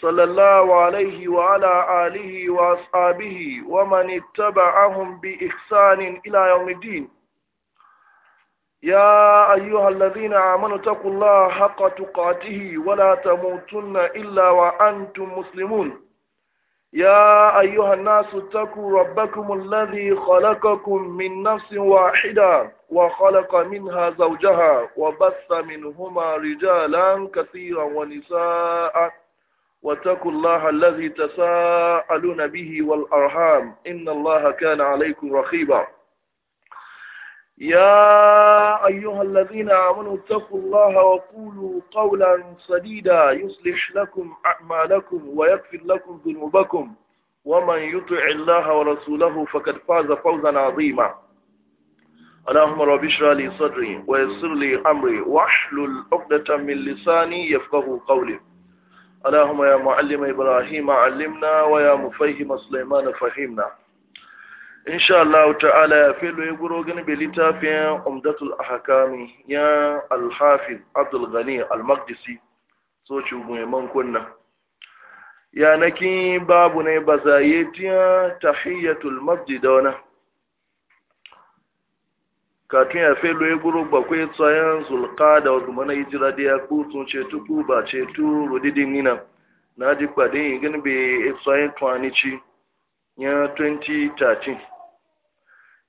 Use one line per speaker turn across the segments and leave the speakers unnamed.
صلى الله عليه وعلى آله وأصحابه ومن اتبعهم بإحسان إلى يوم الدين يا أيها الذين آمنوا اتقوا الله حق تقاته ولا تموتن إلا وأنتم مسلمون يا أيها الناس اتقوا ربكم الذي خلقكم من نفس واحدة وخلق منها زوجها وبث منهما رجالا كثيرا ونساء واتقوا الله الذي تساءلون به والأرحام إن الله كان عليكم رخيبا يا أيها الذين آمنوا اتقوا الله وقولوا قولا سديدا يصلح لكم أعمالكم ويغفر لكم ذنوبكم ومن يطع الله ورسوله فقد فاز فوزا عظيما اللهم رب اشرح لي صدري ويسر لي أمري واحلل عقدة من لساني يفقهوا قولي اللهم يا معلم إبراهيم علمنا ويا مفهم سليمان فهمنا إن شاء الله تعالى في الويبروغن بلتافيا أمدة الأحكام يا الحافظ عبد الغني المقدسي سوچو مهمان كنا يا نكي بابنا بزايتيا تحية المسجد ونه katun ya fe loye guru bakwai tsayan zulka da wasu mana hijira da ya kutu ce tuku ba ce tu rudidin nina na ji kwadin yi gani bai tsayan tuwanici ya 2013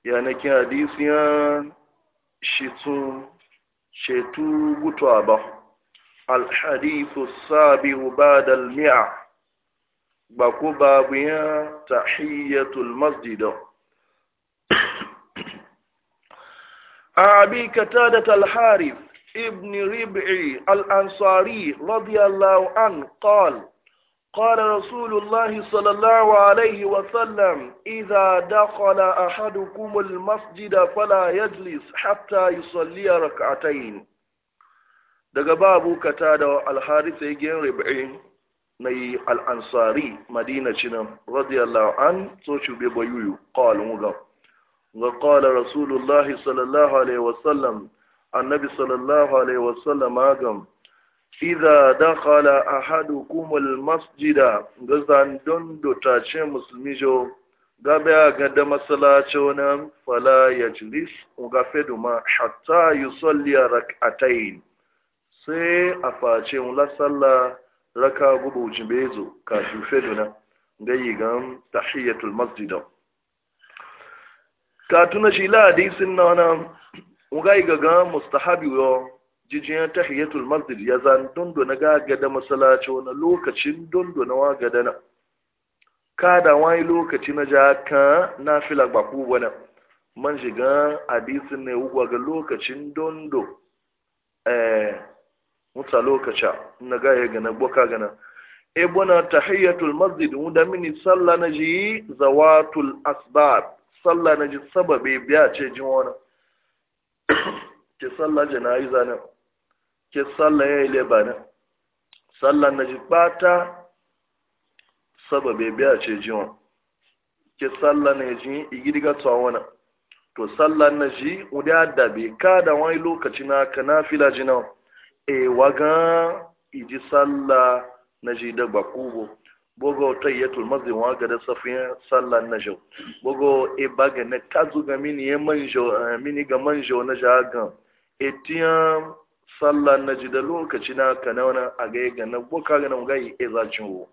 ya na kin hadisi ya shi tun ce tu gutuwa ba alhadisu sabi ba da almiya ko babu ya tahiyyatul masjidau abi katadata alharith ibni rib'i al'ansari radiyallahu an qal qala rasulullahi sallallahu alayhi wa sallam idha dakhala ahadukum Masjida fala yajlis hatta yusalli rakatain. daga babu katada alharith ibn rib'i mai al'ansari madina cinan radiyallahu an so chu be boyuyu qal mugam وقال رسول الله صلى الله عليه وسلم النبي صلى الله عليه وسلم أقام إذا دخل أحدكم المسجد غزان دون دوتاشي a gada masalacin wani fala ya jilis gafe duma hatta yi tsalliya rak'atain sai a face wula tsalla raka gubu jibezo kafin feduna da yi gan tahiyyatul Masjida. ka tuna shi la hadisin na wani ugai gaga mustahabi yo jijiyar tahiyatul masjid ya zan dondo na gaga da masalaci wani lokacin dondo na waga gada. na kada wani lokaci na ja ka na fila ku wani man shiga hadisin ne wuwa ga lokacin dundo eh mutsa lokaca na gaya gana boka gana ebona tahiyatul masjid mu da mini sallah na ji zawatul asbab sallah na ji sababe biya ce jin wani ke sallah jana'iza ne ke sallah ya yi leba ne sallah na ji bata sababe biya ce jin wani ke sallah na ji igidiga tsawon wani to sallah na ji uda adda bai kada wani lokaci na ka na fila jina e waga iji sallah na ji da bakubo bogo tayyatul mazin ga da safiyan sallan na jau bogo e baga na kazu ga mini ya e manjo e, mini ga manjo na jagan etiyan sallan na ji da lokaci na kanauna a ga e ga na boka ga nan gai e za cin wo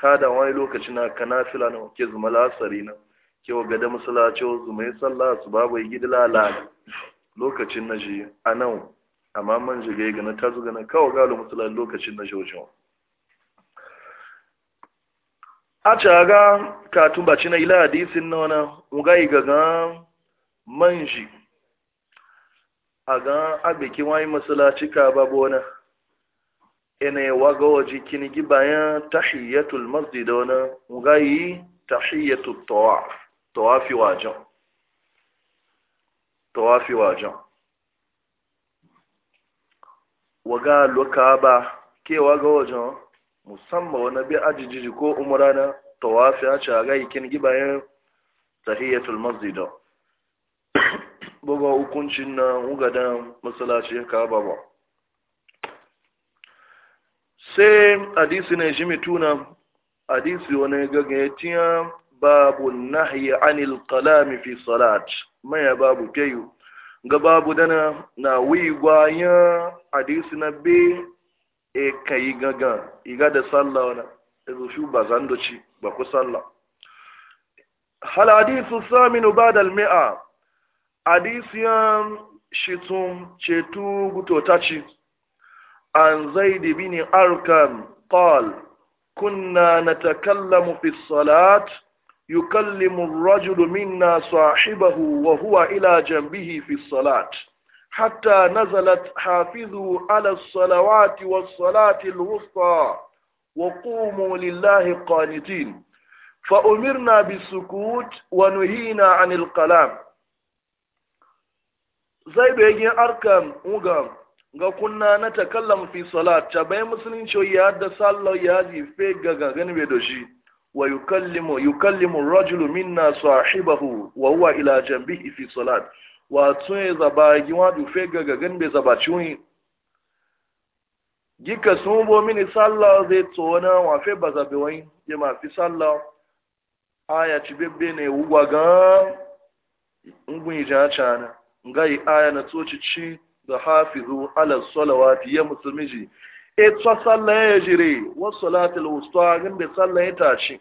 kada wani lokaci na kanafila na ke zuma lasari na ke ga da musulacin zuma yi salla su babu yi gidila lalata. lokacin na ji a nan amma manjo ga ga na tazu ga na kawo galo musulacin lokacin na jojo a caga katun baci na ila hadisin na wani ugayi gaga manji a ga abiki wani masalaci ka babu wani ina waga waje kinigi bayan tahiyyatul masjid wani ugayi tahiyyatul tawaf tawafi wajen tawafi wajen waga loka ba kewa ga wajen musamman wani bi ajijiji ko umrana tawafi a ci a gaikin gibayen tahiyyatul masjida buga hukuncin na ugadan masalacin ka ba sai hadisi na shi mituna hadisi wani gaggaitiya babu nahyi anil kalami fi salat maya babu keyu ga babu dana na wigwaya hadisi na biyu e ka yi gaga i da sallah wala e, rufi ba zan doci ba ku sallah hal hadisu saminu ba'da al mi'a hadisiyan shitum cetu gutotaci an zaid ibn arkan qal kunna natakallamu fi salat yukallimu ar-rajulu minna sahibahu wa huwa ila janbihi fi salat حتى نزلت حافظوا على الصلوات والصلاة الوسطى وقوموا لله قانتين فأمرنا بالسكوت ونهينا عن الكلام زي بيجي arkan وقام ga kunna na takallam fi salat ta bai musulunci ya da sallo ya ji fe ga gagan bai da shi wa yukallimu yukallimu rajulu minna sahibahu wa huwa ila jambihi fi salat wato ya zaba giwa dufe gagagan bai zaba ciwon gika sun bo mini sallah zai tsona wafe ba zabe wani ya mafi sallah aya ci bebe ne wuwa ga ngun ija cana ngai aya na tsoci ci da hafizu ala salawati ya musulmiji e tsa sallah ya jire wasu salatul wusta gin bai sallah ya tashi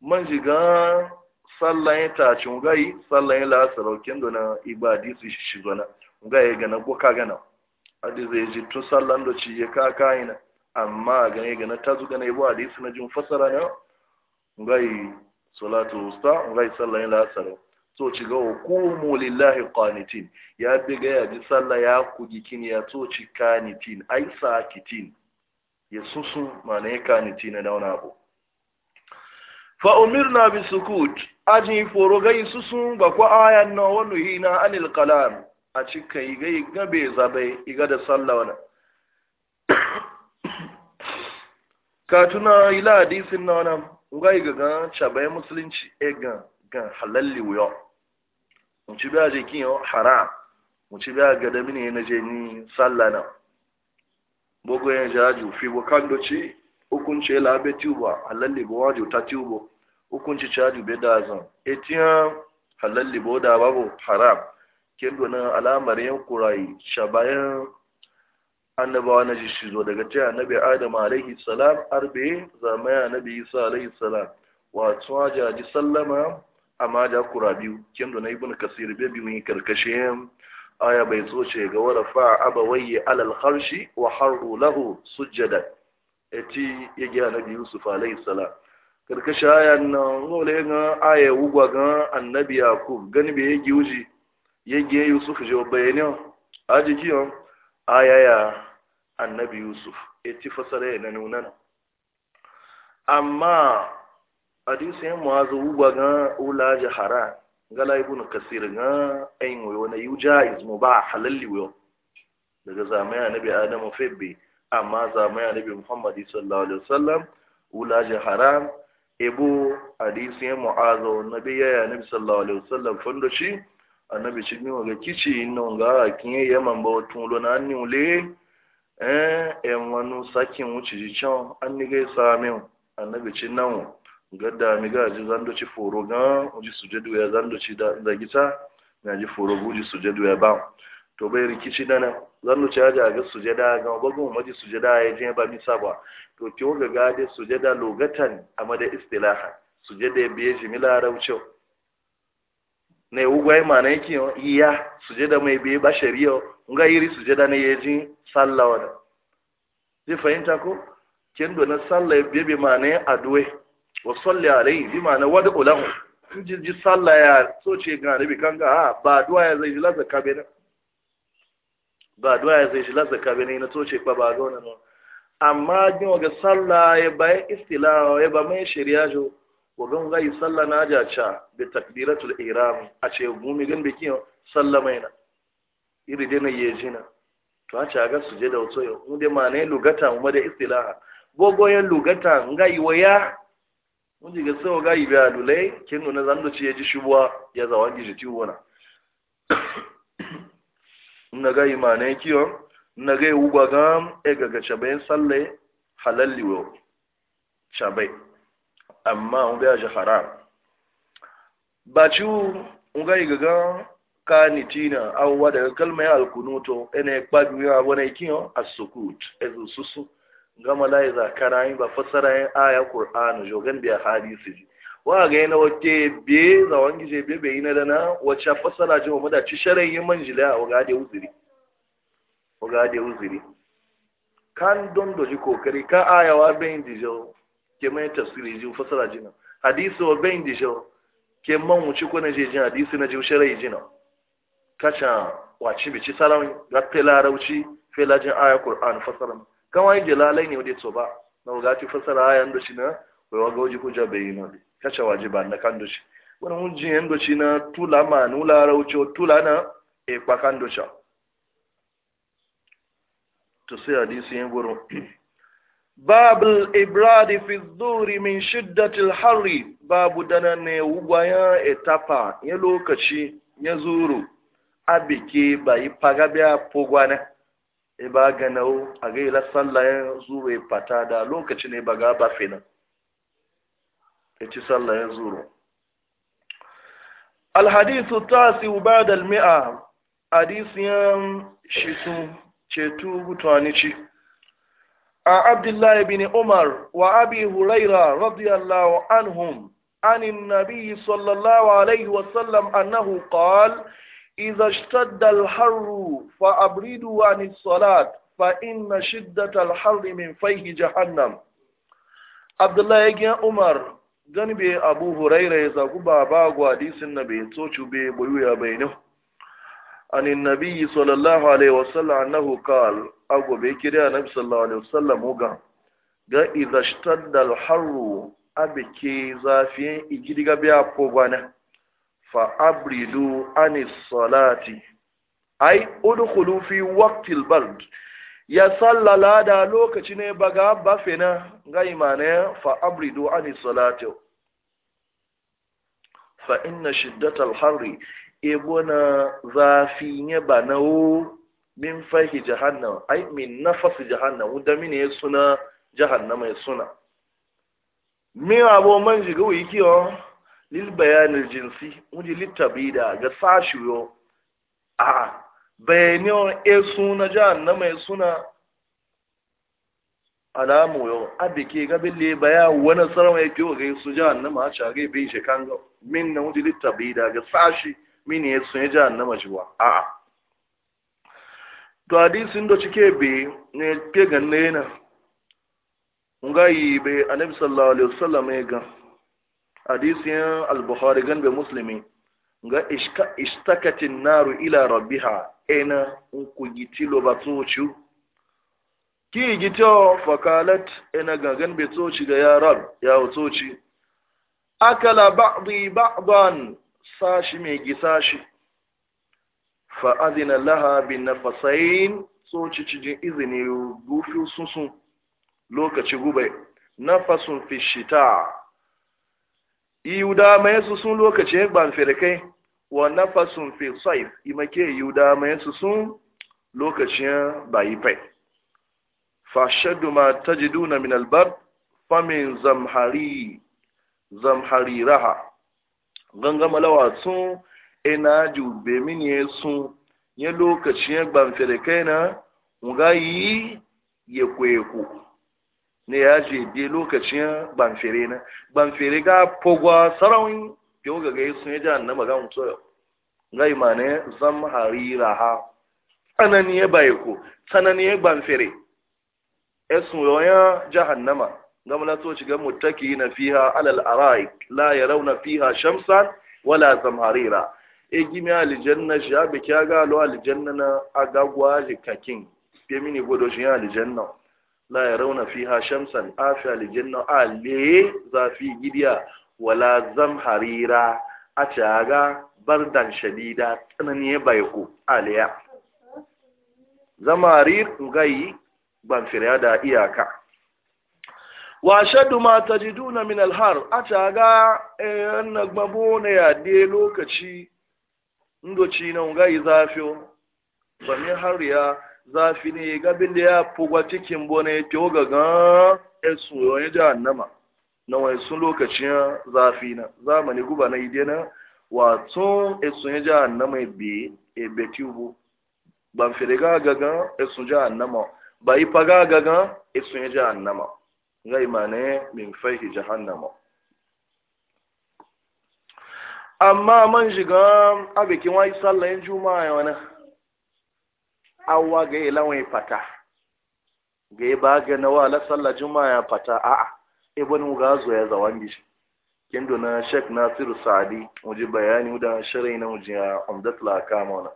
man ga. sallan sallayin tacin gai sallayin lasaraukin da na ibadi su shi zana nga ya gana boka gana adi zai ji tun sallan da ci ya kaka yana amma gane gana ta gana na ibu hadisi na jin fasara na gai salatu usta gai sallayin lasarau so ci ga hukumu lillahi qanitin ya bi ga ya ji sallah ya kugi kin ya so ci kanitin ai sakitin ya susu ma ya kanitin na dauna abu fa na bi sukut aji foro gai susu ba kwa ayan na wani hina anil kalam a cika yi gai gabe zabe iga da sallah wani katuna ila hadisin na wani ngai ga gan cabai musulunci e gan gan halalli wuyo mu ci biya je kiyo hara. mu ci biya ga da mini na je ni sallah na bogo ya jaju fi bukandoci hukunci labe a halalli bo wajo ta tubo hukunci caju be da zan etiya halalli bo da babu haram kendo na alamar yan kurai shabayan annabawa na jishi zo daga ta annabi adam alaihi salam arbe zamaya annabi isa alaihi salam wato Jaji sallama amma da kura biyu kendo na ibnu kasir be biyu yan aya bai so ce ga warafa abawayye alal harshi wa harru lahu sujjadan eti ya gina nabi yusuf alayhi salam karkashi ayan na ngole ga aya wugwa ga annabi yakub gani be yegi uji yegi yusuf je bayani aji kiyo aya ya annabi yusuf eti fasara ne nunan amma hadisi ya muazu wugwa ga ula jahara gala ibn kasir ga ayin wayo na yuja izmu ba halalli wayo daga zamaya annabi adamu febbi amma zamai annabi muhammad sallallahu alaihi wasallam ulaji haram ebo hadisi ya mu'azo nabi ya ya nabi sallallahu alaihi wasallam fondo shi annabi shi ne waga kici inna ga kinye yaman ba tun lo na ni ule eh e wanu sakin wuci ji chan anni ga samin annabi shi nan gadda mi ga ji zando ci foro ga uji sujudu ya zando ci da gita na ji foro ji sujudu ya ba to bai rikici dana zan nuce ya ga sujada ga gwagwun maji sujada ya je ba misa ba to ki ga gade sujada logatan a mada istilaha sujada ya biye jimila raucin na iwu gwai ma na yake iya sujada mai biye ba shari'a nga yiri sujada na ya ji sallah wada zai fahimta ko kin na sallah ya biye ma na adwe wa salli alayhi bi ma na wada ulahu ji ji sallah ya so ce ga nabi kanga a ah, ba duwa ya zai ji lasa kabena ba duwa ya zai shi lazzaka bane na toce ba ba ga wani amma jin ga sallah ya bai istilawa ya ba mai shirya jo don gai sallah na cha da takbiratul ihram a ce gumi gan biki sallah mai na iri dai na na. to a ce ga suje da wato yau mu dai ne lugata mu da istilaha ya lugata ngai waya mun ji ga sai ga ba alulai kin nuna zan da ce ji shubwa ya zawan ji ji tuwana na ga imanai kiyon na ga uba gam e gaga cabai salle halalli wo cabai amma un biya ji haram ba ci un ga gaga kanitina au wada kalma ya alkunuto ene kpadu ya wana kiyon as ezu susu gama la iza karayin ba fasara aya kur'anu jogan biya hadisi wa ga yana wake biye, za wangi biye be yi na dana wacce fasara je mu da ci sharan yin manjila a ga da uzuri wa uzuri kan don doji kokari ka ayawa bayin dijo ke mai tafsiri ji fasara na hadisi wa bayin dijo ke man wuce ko na je jin hadisi na ji sharai jina kacha wace bici salam ga pelarauci felajin aya qur'an fasara kan wani jalalai ne wadai so ba na ga ci fasara ayan da shi na wai wa ga wuji bai yi na kacha wajiba na kan wani hujjin yan doci na tula ma nula rauce tula na e kwa kan doca to sai hadisi yin gurin باب الإبراد في الظهر من شدة الحر باب دنان وغايا إتابا يلوكشي يزورو أبكي باي بيا بوغوانا إبا غنو أغيلا صلى يزورو إبتا دا لوكشي نبغا بافينا ci sallah ya zuru alhadisu tasiu ba'da almi'a hadisiyan shitu cetu gutwani ci a abdullah bin umar wa abi huraira radiyallahu anhum عن النبي صلى الله عليه وسلم أنه قال إذا fa abridu فأبردوا عن الصلاة فإن شدة الحر من فيه جهنم عبد الله بن عمر gani bai abu huraira ya zagu ba ba gwadisin na bai tocu bai buyuya bai ne an nabi sallallahu alaihi wasallam annahu qal ago bai kiriya nabi sallallahu alaihi wasallam ga ga idza shtadda al-harru abike zafiyan igidiga biya ko bana fa abridu anis salati ay udkhulu fi waqti al-bard ya sallala da lokaci ne baga bafe na ga imane fa abridu ani salati fa inna shiddatal harri ebona zafi ne ba na min fahi jahannam ai min nafas jahannam da ya suna jahannama ya e suna min abo man jiga wi kiyo lil bayanil jinsi wudi litabida ga sashiyo a bayanin esu na jahannama mai suna alamu yau abike gabin da baya wani tsara mai fiye ga su jahannama a cage bin shekan ga min na wuce da daga sashi min ya sun yi jahannama shi a a to hadisin da cike be ne ke ganne na ngayi be annabi sallallahu alaihi wasallam ya ga hadisin al-bukhari gan be muslimi Nga ga istakati naru ila rabbiha ena nku gitilo ki gito fakalat ena gagan be ga ya rab ya tsoci akala ba'dhi ba'dan sashi me gisashi fa adina laha bin nafasain tsoci cijin izini gufi sunsun lokaci gube nafasun fi shita yuda mai su sun lokaci ban firkai wa nafasun fi saif imake yuda mai su sun lokacin bayi fai fashaddu ma tajiduna min albar famin zamhari zamhari raha gangama malawa sun ina jube mini sun ya lokacin ban firkai na ugayi ye kweku ne ya je bi lokacin banfere na banfere ga pogwa sarawin yau ga gai sun yi jihar na magan tsoyo gai ma ne zan harira ha tsanani ya baye ko tsanani ya banfere esun yoya jahannama gamla to shiga mutaki na fiha alal arai la rauna fiha shamsan wala Harira. e gimi aljanna shabe kyaga lo aljanna na agagwa jikakin pe mini godo shi aljanna la ya rauna fi ha shamsan afiya lijinna a le zafi gidiya wala zam harira a caga bardan shadida tsanani baiko aliya zama harir gai ban firya da iyaka wa shaddu ma tajiduna min alhar a caga yan eh, nagbabo na yade lokaci ndoci na gai zafiyo ba har ya zafi ne gabin da ya fugwa cikin bone ya kyau ga gan esu ji annama na wani sun lokacin zafi na zamani guba na ide na wato esu ya jahannama ya be tubu ban fi riga ga gan esu annama ba yi faga ga gan esu ya annama ga imane min fahi jahannama amma man shiga abikin wai sallayin juma'a wani awa ga yi lawan fata ga yi ba ga nawa la sallah ya fata a'a ibn gazo ya zawan gishi kin dona shek nasiru sa'adi muji bayani da shirai na muji a umdat la kamona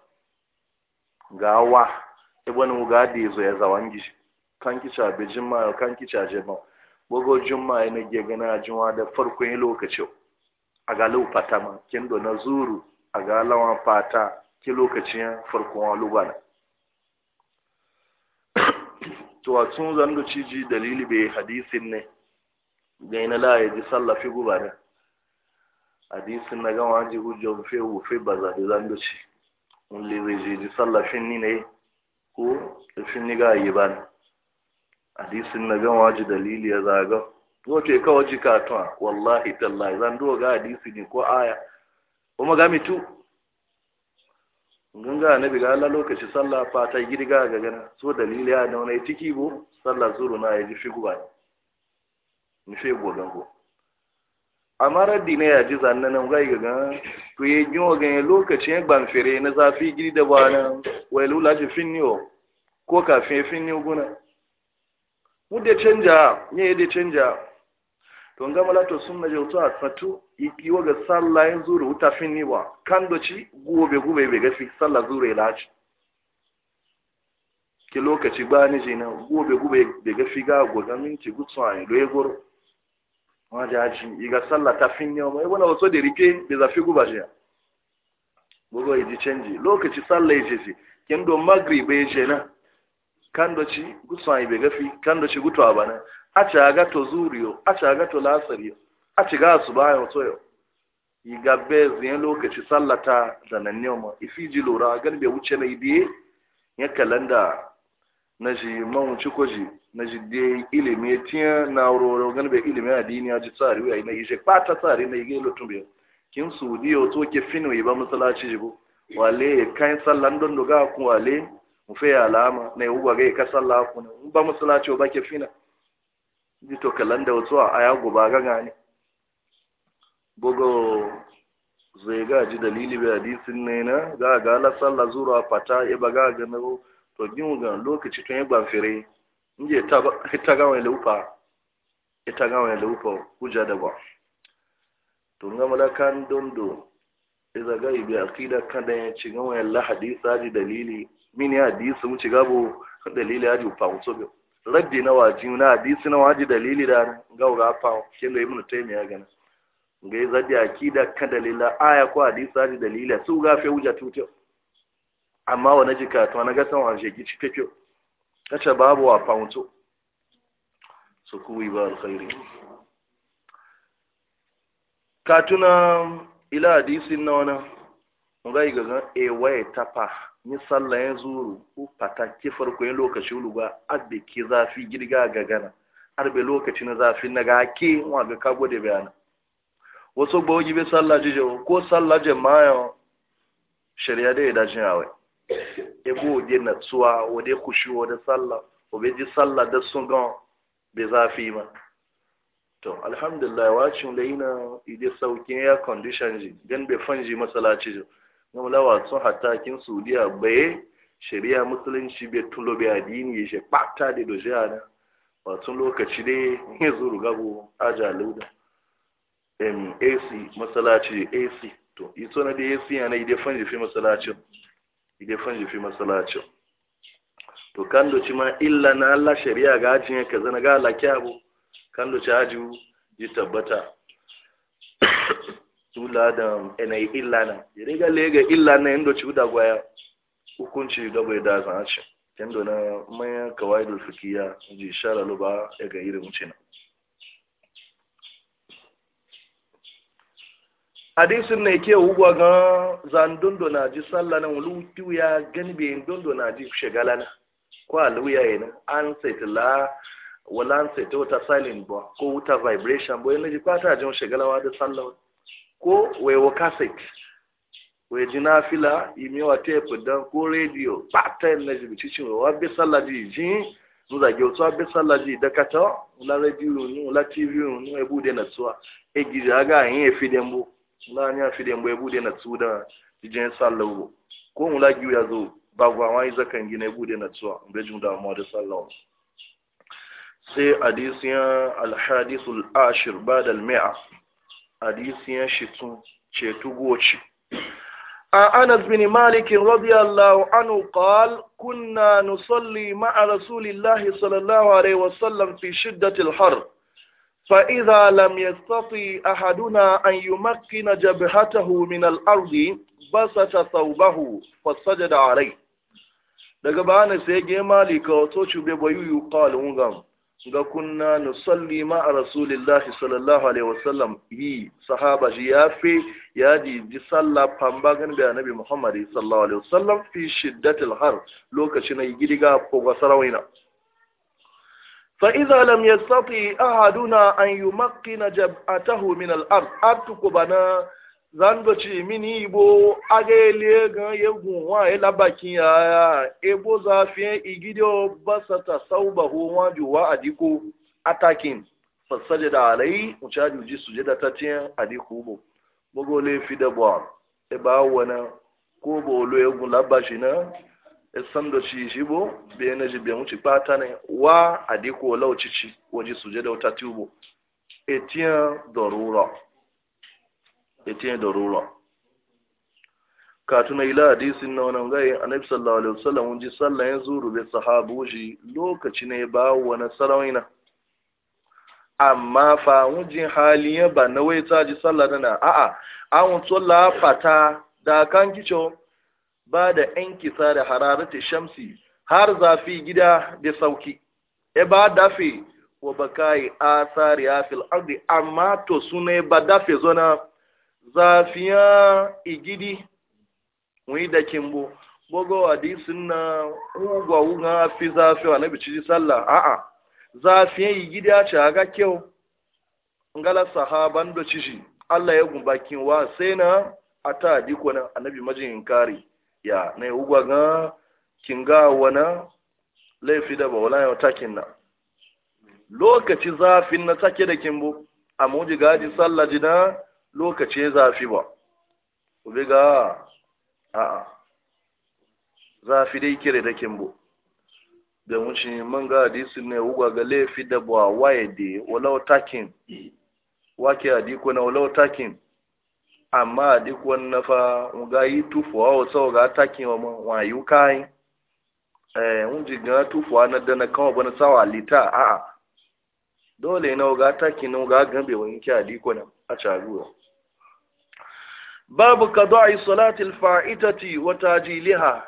ga awa ibn gadi zo ya zawan gishi kan kicha be juma'a kan kicha je ba bogo ya nage gana juma da farkon lokaci a ga lu fata ma kin dona zuru a ga lawan fata ki lokacin farkon to a zan ciji dalili bai hadisin ne da ina laye ji sallafi gubare hadisin na gama ji hujjo fe wufe ba za da zan ci wani zai ji ji sallafin ni ne ko tafin ni ga yi ba ne hadisin na gama ji dalili ya zaga ce kawai ji katon wallahi tallahi zan ga hadisi ne ko aya kuma ga mitu ganga na biga Allah lokaci sallah fata girga ga gana so dalili ya da wani tiki bo sallah zuru na ya ji shi guba ni shi go gango amma dine ya ji zanna nan ga ga to ye gyo ga lokaci ya ban fere na zafi giri da bana wai lula ji finni o ko kafin finni guna mu da canja ne da canja to nga mala to sunna je to fatu ikiwa ga sallah yin zuru uta finni ba kan doci gobe gobe be gafi sallah zuru ilaci ke lokaci ba ni je na gobe gobe be gafi ga goga minti gutsan do ye goro ma da ji iga sallah ta finni e ba e wala wato de rike be zafi guba e e je gogo yi canji lokaci sallah je si kin do magribe je na kan doci ayi be gafi kan doci gutwa bana a ci aga to zuriyo a ci aga to lasariyo a ci ga su bayan toyo yi gabe ziyan lokaci sallata da nan ne ma ifi ji lura gan bai wuce na idiye ya kalanda na ji man wuce ko ji na ji de ilimi tiya na roro gan bai ilimi addini ya ji tsari wai na ije kpata ta tsari na ige lotun bai kin su diyo to ke fino yi ba masalaci jibo wale kan sallan don ga ku wale mu fe alama na yi ugwa ga ka sallaku ku ne ba masalaci ba ke fina kallon kalanda wasu a aya goba ga gane bugo zai ga ji dalili bai hadisin ne na ga ga la sallah zura fata e ba ga ga na to gin ga lokaci tun ya gbafire inje ta ta ga wani lupa ita ga wani lupa kuja da ba to ga malakan dondo iza ga ibi aqida kan da ya ci ga wani la hadisa ji dalili min ya hadisi mu ci gabo dalili ya ji fa so raddi na waji na hadisi na waji dalili da ga ga fa ke da ibnu taymiya gana ga yi akida kan dalila aya ko hadisi da dalila su ga fe wuja tuto amma wa naji ka to na ga san wa sheki ci kake kace babu wa faunto su yi ba alkhairi katuna ila hadisin na wana ngai gaza, e waye tapa ni sallah ya zuru ku pataki farko yin lokaci luga abbe ki zafi girga gagana arbe lokaci na zafi na ga ke wa ga kago da bayana wasu gbogi be sallah jije ko sallah jama'a shari'a da ya dace awai ebo de natsuwa wade kushuwa da sallah be ji sallah da sun ga be zafi ma to alhamdulillah wacin leina ide saukin ya condition ji gan be fanji masalaci ji yau lawa sun hatakin saudiya baye shari'a musulunci bai tulo bai addini ya shi ɓata da dojiya na watsun lokaci dai ya zuru gabo aja lauda mac masalaci ac to ito na da ac yana ide fan jifi masalacin ide fan jifi to kan doci ma illa na allah shari'a ga ajiye ka zana na ga alakiya bu kan doci ajiyu ji tabbata tula da yanayi illa na riga lega illa na yadda ci da gwaya hukunci da bai da zan ci yadda na maya kawai da fikiya ji shara luba ya ga irin wuce na hadisin ne ke hugwa ga zan dondo na ji sallah na wulu ya gani bai dondo na ji shagala na ko aluya yana an la wala an saiti wata silent ba ko wuta vibration ba yana ji kwata jin shagala wa da sallah ko waiwa kaset wai ji nafila imewa tepu dan ko rediyo patan na jibici cewa wabe salaji ji nza ge otu abe salaji dakata nla rediyo nu nla tv nu ebude na tsuwa egiri aga anyi efide mbu nla anyi afide mbu e ebude na tsu da jijin sallah ugbo ko nla ya zo bagwa wani zakan gina ebude na tsuwa mbe jin damuwa da sallah sai hadisiyan ashir ba da mi'a hadisi ya shitun cetu goci a anas bin malikin radiyallahu anhu qal kunna nusalli ma'a rasulillahi sallallahu alaihi wasallam fi shiddatil har fa idza lam yastati ahaduna an yumakkina jabhatahu min al ardi basata thawbahu fa da alayhi daga bana sai ge malika to chube boyu qal ungam ga kunna nusalli ma a rasulillahi sallallahu alaihi wasallam yi sahaba shi ya fi ya jiji sallah famba gan da annabi muhammad sallallahu alaihi wasallam fi shiddatil har lokacin yi gidiga ko basarawaina fa idza lam yastati ahaduna an yumakkina jab'atahu min al-ard artuku bana zangoci mini ibo aga elie gan yegun wa e bakin ya ebo za fi igide e ta sauba ho wa juwa adiko atakin fasaje da alai mucaji ji suje da ta tiyan adiko bo bogo le fi da bo e ba wana ko bo lo yegun labashi na e sando ci shi bo be na ji be mu ci pata ne wa adiko ci waje suje da bo e etiyan darura yace da darura katuna ila hadisin na wannan gai annabi sallallahu alaihi wasallam ji sallan ya zuru bi sahabuji lokaci ne ba wani sarauna amma fa wujin hali ya ba na wai ta ji sallah dana a'a an tsalla fata da kan kicho ba da yan kisa da hararati shamsi har zafi gida da sauki e ba dafe wa bakai asari afil ardi amma to sunai ba dafe zona zafiya igidi wani da kimbo bogo hadisin na ugwa wuga fi zafi wa nabi ciji sallah a'a zafiya igidi a ce aga kyau ngala sahaban da ciji Allah ya kin wa sai na a ta diko na annabi majin kari ya na yi ugwa ga kinga wana laifi da bawala ya takin na lokaci zafin na take da kimbo a muji gaji sallah jina ya zafi ba ube ga a'a zafi dai kire da kimbo da wuce man ga hadisi ne wuga ga laifi da ba waye da walau takin wake hadiku na walau takin amma hadiku wani nafa ga yi tufuwa wasu ga takin wa wayu kayan eh ji ga tufuwa na dana kawo bana sawa lita a'a dole na ga takin na ga gambe wani ke hadiku na a caruwa babu a qada'i salatil fa'itati wa tajiliha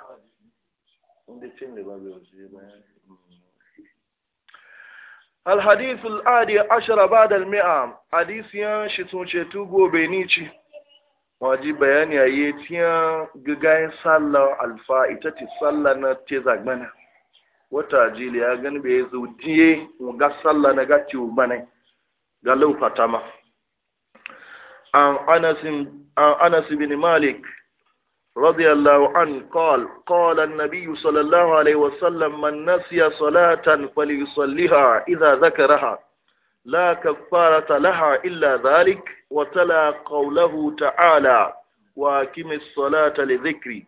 الحديث الآدي عشر بعد المئة حديث ينشطون شتوغو بينيشي waji bayani a yi tiyan gigayen sallar alfa ita ce sallar na te zagbana wata jili ya gani bai zo diye ga sallar na gati ubanai ga laufa ma عن أنس بن مالك رضي الله عنه قال قال النبي صلى الله عليه وسلم من نسي صلاة فليصليها إذا ذكرها لا كفارة لها إلا ذلك وتلا قوله تعالى واكم الصلاة لذكري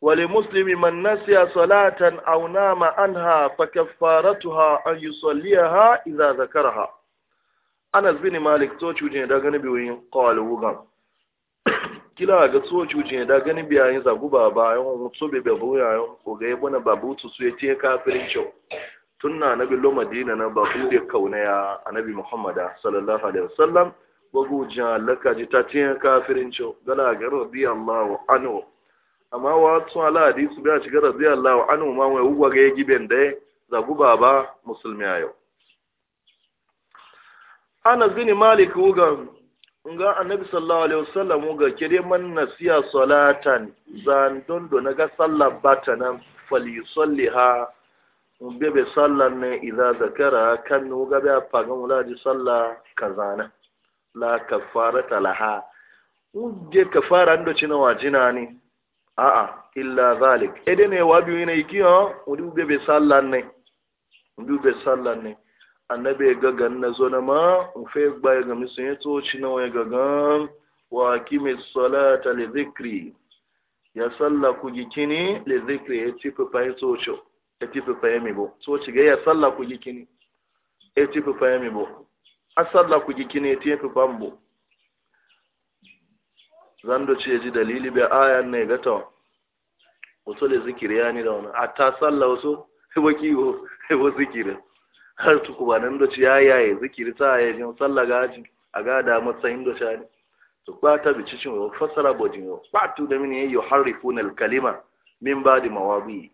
ولمسلم من نسي صلاة أو نام عنها فكفارتها أن يصليها إذا ذكرها anas bin malik to cuje da gani yin kawali wugan kila ga cujin cuje da gani biya yin guba ba yan mutu be be boya yan ko ga yabona babu su su yace kafirin cewa tunna na lo madina na babu da kauna ya anabi muhammada sallallahu alaihi wasallam wago jalaka ji ta tiyan kafirin cewa gala ga allahu anu amma wa tun su hadisi bi a shiga allahu anu ma wai wuga ga giben da za ba musulmi ayo ana gini malik wuga nga annabi sallallahu alaihi wasallam wuga kire man nasiya salatan zan dondo naga sallar batana falyusalliha be sallan ne idza zakara kan wuga be apaga muladi sallah kazana la kafarata laha uje kafara ndo china wajina ni a'a illa zalik edene wabi wina ikiyo udu be sallan ne udu bebe sallan ne annabi ya ga na zo na ma in fe gba ya gami sun yi toci na wani gagan wa kimi salata li zikri ya salla ku gikini li zikri ya ci fifa ya toci ya ci fifa ya mibo toci ga ya salla ku gikini ya ci fifa ya mibo a salla ku gikini ya ci fifa mbo zan do ce ji dalili bai ayan ne gata wasu li zikiri ya ni da wani a ta salla wasu hibo kiwo hibo zikirin har tuku ba nan doci ya yaye zikiri ta ya jin sallah gaji a gada matsayin doci ne to ba ta bi cikin wa fasara bojin wa ba tu da mini yayi harifuna al-kalima min ba di mawabi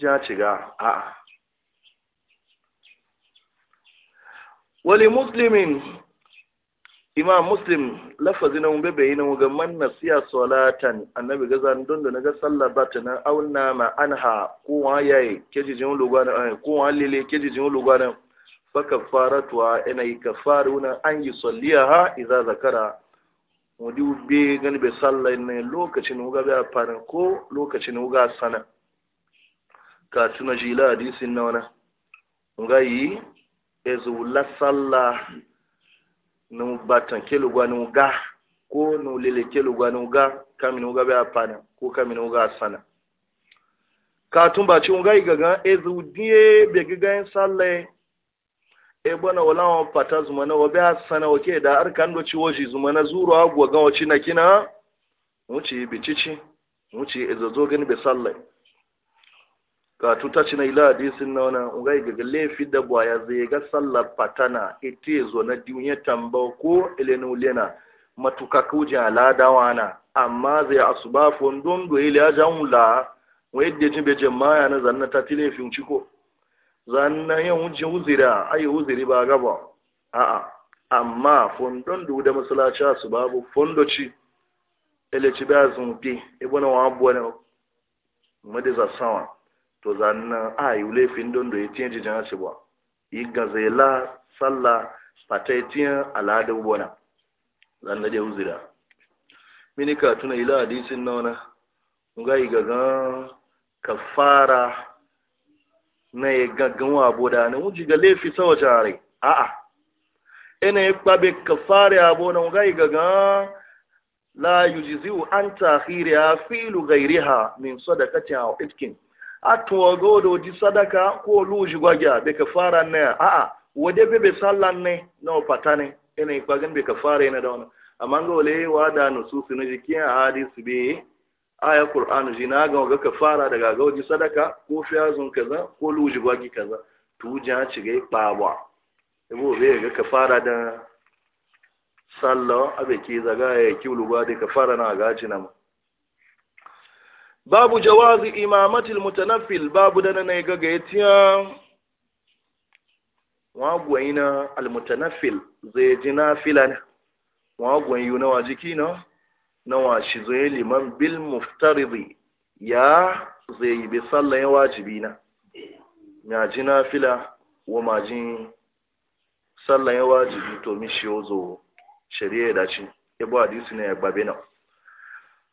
ja ciga a a wali muslimin imam muslim lafazi na mumbe bai na ga man nasiya salatan annabi ga zan da naga sallar ba ta nan auna ma anha ko wa yayi kejijin lugana eh, ko wa lele kejijin lugana fa wa ina yi kafaruna an yi salliyaha idza zakara mudi be gani be sallar ne lokacin uga be fara ko lokacin uga sana ka tuna jila hadisin na wana uga yi ezu la sallah numbatan kelugwa nuga ko nulele kelugwa nuga kami nuga be apana ko kami nuga sana Ka ba ci unga igaga ezu die be gigan salle e bona wala wa pata zuma na wa be sana wa ke da arkan do ci woji zuma na zuru agwa ga wa ci na kina mu ci bi cici mu ci ezo zo gani be ka tuta ci na ila hadisin na wani ngai ga laifin da ya zai ga sallar Ita ya zo na duniya tambau ko ilenu lena matuka kujin alada wana amma zai asuba don do ile aja wula wai da jin beje maya na zanna ta tile fin ciko zanna yan wujin A yi wuziri ba gaba a'a amma fondon do da masallaci asuba bu fondoci ele ci ba zunti ibona wa abwana madiza sawa to zanna a yi laifin don da ya tiyan jijin haci ba yi gazela salla fata tiyan aladun bona zanna da uzira mini ka tuna ila hadisin na wana ga yi gagan fara na yi gagan wa boda na wuji ga laifi sawa jare a'a ina ya kwabe fara ya bona ga yi gagan la yujiziu an hiriya filu gairiha min sadaqatin a itkin atuwa godo di sadaka ko luji gwagya be ka fara ne a'a wade be be sallan ne na opata ne ina ikwagan be ka fara ina da wani amma ga wale wa da nusu su na jikin hadisi be aya qur'anu jina ga ga ka fara daga ji sadaka ko fiyazun kaza ko luji gwagi kaza tuja ci ga bawa ibo be ga ka fara da sallah abe ke zaga ya kiwlu gwadi ka fara na gaji na ma babu jawazi imamatil mutanafil babu dana na ga ga yatiya wagwaina mutanafil zai ji na filan. wagwayu na wajiki na na washi zai liman bil muftaridi ya zai yi bi sallan ya wajibi na ya ji na fila, wa majin sallan ya wajibi to mi shi zo shari'a da shi ya bu hadisi ne ya gbabe na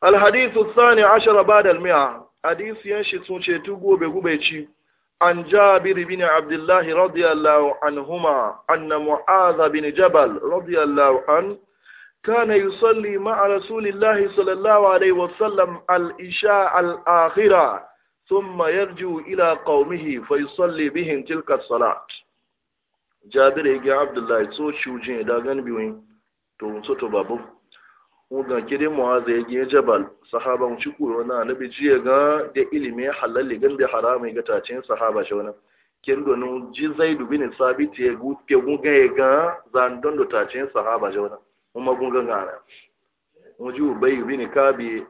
Alhadisu sani ashara ba da almiya, hadisi yan shi sun ce tu gobe gube ci, an ja biri bini Abdullahi radiyallahu an huma, a. na mu'aza bini na salli ma'a Rasulillahi sallallahu alaihi wasallam al’isha al’akhira, sun mayar jiwu ila ƙaumihi fai salli bihin tilka salat. Jabir ya gina Abdullahi so shujin da gan biyu, to su to babu. ga kiri muwaza ya gina jabal sahaban ci kuro na nabi jiya ga da ilimi halalli gan da harami ga tacin sahaba shi wani kin donin ji dubi ne sabiti ya guke gunga ya ga zandon da tacin sahaba shi wani kuma gunga gara mu ji ubai bin kabi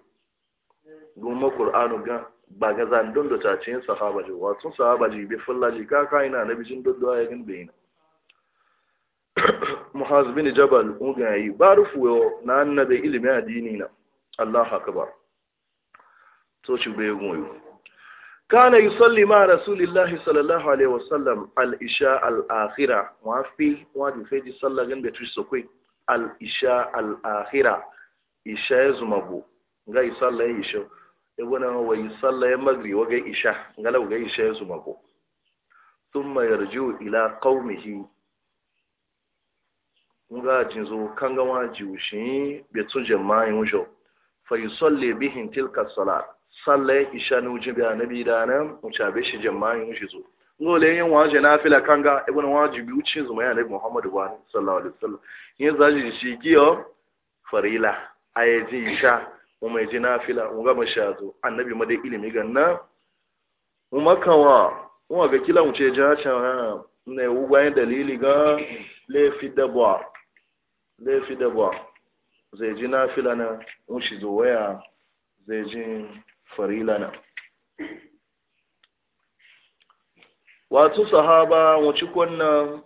gumma qur'anu ga ba ga zandon da tacin sahaba shi wato sahaba ji bi fullaji ka kai na nabi jin doddo ya gan bayina muhaz jabal ugayi barufu yo na annabe ilimi addini na Allah akbar to shi bai goyo kana yusalli ma rasulillahi sallallahu alaihi wasallam al-isha al-akhira wa fi wa bi feji sallagan da tushi sokoi al-isha al-akhira isha ya zumago ga isallaye isha ibuna e wa isallaye magri wa ga isha ga lau ga isha zumabu zumago thumma yarji'u ila qaumihi nga jinzo kanga wa jiwushin betu jama'in wujo fa yusalli bihin tilka salat salle isha ne wujin bi da nan ucabe shi jama'in wujo zo le yin waje nafila kanga ibn wajibi uchi zuma ya nabi muhammadu wa sallallahu alaihi wasallam yin zaji shi giyo farila ayaji isha mu mai ji nafila mu ga zo. annabi ma dai ilimi ganna mu makawa mu ga kila mu ce jacha ne wugwaye dalili ga fi dabwa laifi fi ba zai ji nafila na mushi zuwaya zai ji farila na wato sahaba wuci kwanan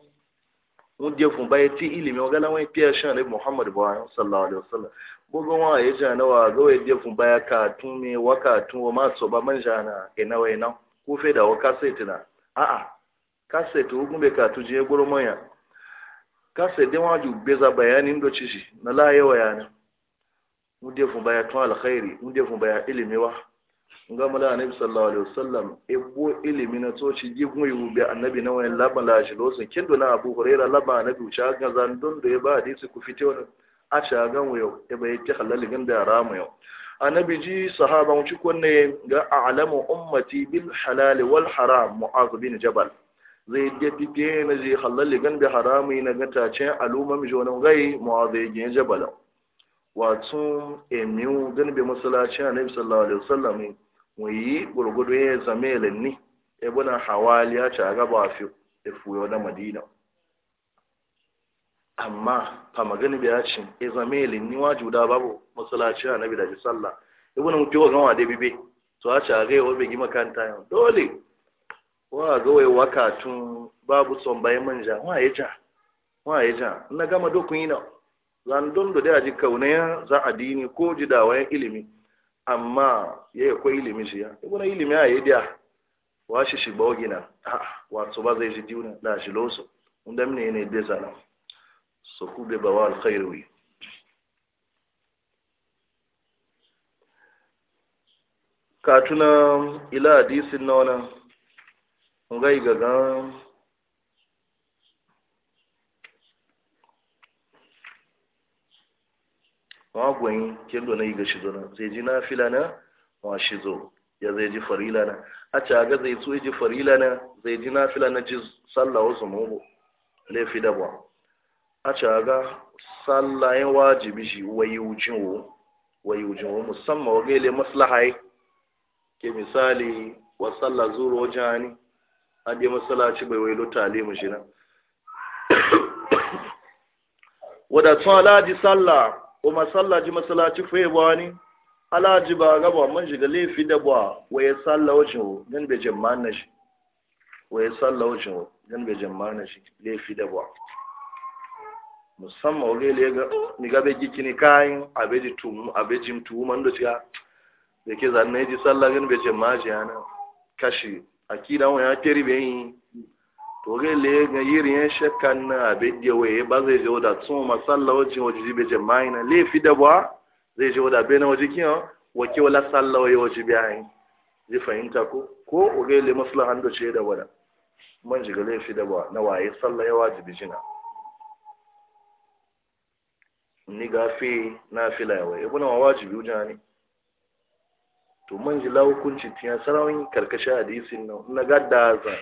wunde fun bai ti ilimi wa galan wani fiye shan nabi muhammadu bayan sallallahu alaihi wasallam bugun wa ya ja nawa ga wai de fun baya ka tun me wa ka tun wa maso ba man jana ina wai nan ku fe da wa ka na a a ka sai to gun be ka tuje gurmaya kasa da waju beza bayanin da ci na laye wayana mu de fun baya tun alkhairi mu de fun baya ilimi wa nga mala annabi sallallahu alaihi wasallam ebo ilimi na to ci gigun yiwu bi annabi na wayan labala shi losin kindo na abu hurairah laba annabi u shaga zan don da ya ba hadisi ku fite wannan a shagan wayo e bai ta halal gan da ramu yau annabi ji sahaba mu ci kunne ga a'lamu ummati bil halal wal haram mu'az bin jabal zai dafife na zai halalli gan da harami na gata ce aluma mi jonan gai mu'adhi gen jabala wato emiu gan bi masallaci annabi sallallahu alaihi wasallam mu yi gurgudu ya zame lanni e buna hawali ya ta gaba fi ifuyo e na madina amma fa magana bi ya ce ya zame lanni juda babu a annabi da sallah ibn e mu kiwo gan wa da bibe to a a ga wa bi makanta dole wa ga wai waka babu son bayan manja wa ya ja wa ya ja na gama dokun yi na zandon da daji kaunaya za a dini ko ji da wayan ilimi amma ya yi kwa ilimi shi ya ibu na ilimi a yi diya wa shi shi na gina wato ba zai ji diuna da shi loso inda mini ne desa na su kube ba wa alkhairu katuna ila hadisin na wannan ngai ga gan magwai ke do na yi ga shi sai ji na fila na wa shi zo ya zai ji farila na a ca ga zai so ji farila na zai ji na fila na ji sallah wasu mu laifi da ba a ca ga sallah yin wajibi shi wayi wucin wo wayi wucin wo musamman wa gaile maslahai ke misali wa sallah zuru wajani ade masalaci bai wailo talimu shi na wadda tun alaji sallah o masallaci masalaci fayi ba ni alaji ba gaba man shiga laifi da ba waye sallah wacin wo gan bai jama'an na shi waye sallah wacin wo gan bai jama'an na shi laifi da ba musamman wani lega ni gabe gikini kayan abeji tumu abejin tumu man da ciya da ke zanne ji sallah gan bai jama'an shi yana kashi akida wọn ya teri bɛ yen to ge le ga yiri yɛn shɛ kan na a bɛ die wɛ e ba zai je o da tún masalla o jin o jiji bɛ jɛ maa na le fi da bɔ zai je o da na o ji kiyan wa ke wala salla o ye o ji bɛ a yin ta fahimta ko ko o ge le masala han da ce da wada man shiga le fi da bɔ na ye salla ya wajibi jina ni ga fi na fila ya wɛ ibuna e wa wajibi wujani to man jila hukunci tiya sarawin karkashin hadisin nan na gadda za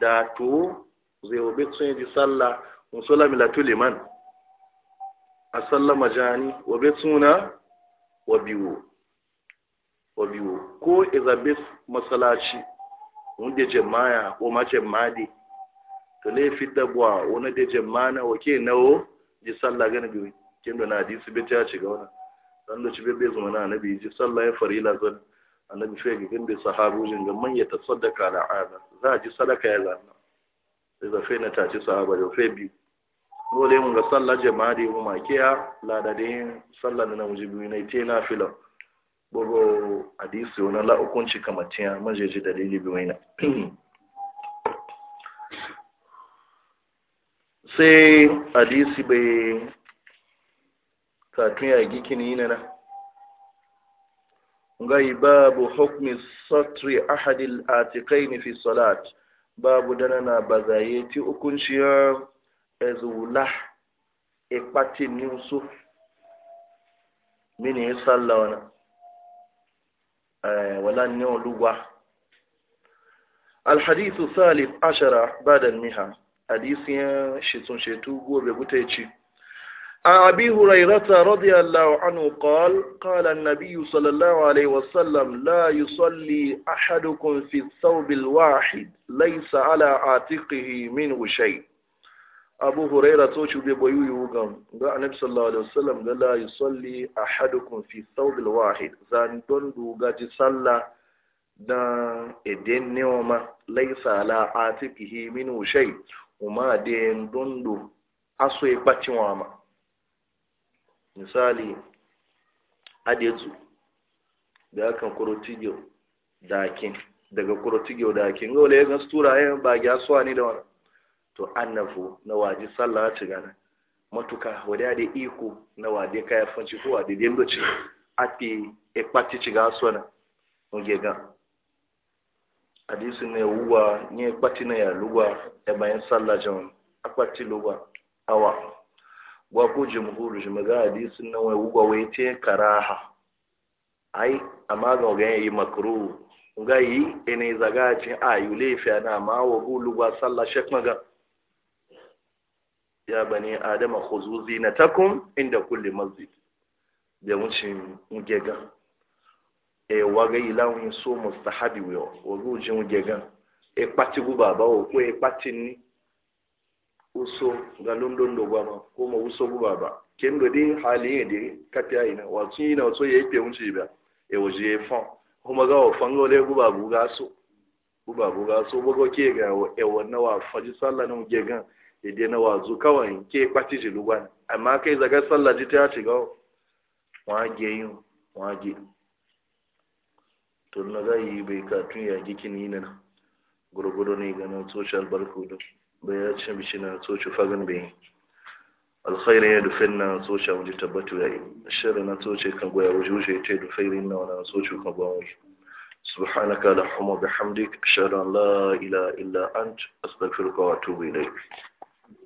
da to zai obe sun yi sallah musula milatu liman a sallah majani obe suna wa biyu ko izabis masalaci wanda jemaya ko mace madi to ne fi dabuwa wani da jemana wa ke nawo ji sallah gani biyu kin da na hadisi bai ta shiga wani dan da ci bai zuma na annabi ji sallah ya farila zan annabi shi gende sahabu jin ga man ya sadaka da ada za ji sadaka ya zanna sai zafe na ci sahaba da fe biyu dole mun ga sallar jama'a da mu makiya ladadin sallar na wajibi ne te na filan bugu hadisi wani la'ukunci kamatiya majeji dalili biyu waina sai hadisi bai katun ya gikini ne na ngay baabu xukmi satri axadi atiqayni fi solat baabu dana naa bagaye ti ukun chien ezulah e pati niusu mini ye sallawana eh, wala ñoolu wa alxadisu salif achara baada lmiha hadisien chitun chetu guobe ci عن أبي هريرة رضي الله عنه قال قال النبي صلى الله عليه وسلم لا يصلي أحدكم في الثوب الواحد ليس على عاتقه منه شيء أبو هريرة توشو بيبويو يوغم قال النبي صلى الله عليه وسلم لا يصلي أحدكم في الثوب الواحد زان دون دوغاجي صلى دا إدين نيوما ليس على عاتقه منه شيء وما دين دون دو أسوي باتي misali adetu da akan kurotigyo da akin daga kurotigyo da akin ga wale gan sutura ya ba gya suwa ne da wani to annafu na waje sallah ci gana matuka wadda da iko na wade kaya fanci ko wade den doce ati e pati ci ga suwa na oge gan hadisi na wuwa nye ekpati na ya lugwa e bayan sallah jan akpati lugwa awa wa ku jumhuru shi maga hadisin nan wai wuga wai ce karaha ai amma ga ga yi makru ga yi ene zaga ce a yi fi ana ma wa gulu ba salla shek maga ya bani adama khuzu zinatakum inda kulli masjid da wucin ngega e waga lawin so mustahabi wa jin ngega e pati guba ba o ko e pati ni uso ga london do ba ko ma uso bu ba ba do di hali ye di katia ina wa tun ina so ye pe un chi ba e wo je fon ko ma ga o fango le bu bu ga so bu ba bu ga so bo go ke ga e wona wa faji sallah no je gan e de na wa zu kawai ke kwati ji lugwan amma kai zaga sallah ji ta ci ga wa ge yin wa ge to na ga yi bai ka tun ya gikin ina gurgudu ne ganin social barkudu bai ya ce mishi na tsoci fagen bai alkhairi ya dufin na tsoci waje tabbatu ya yi shirin na tsoci kan goya waje wuce ta yi dufe dufairin na wani tsoci kan goya waje subhanaka da hamo bihamdik shaɗan la ila illa ant astagfirka wa tubu ilaik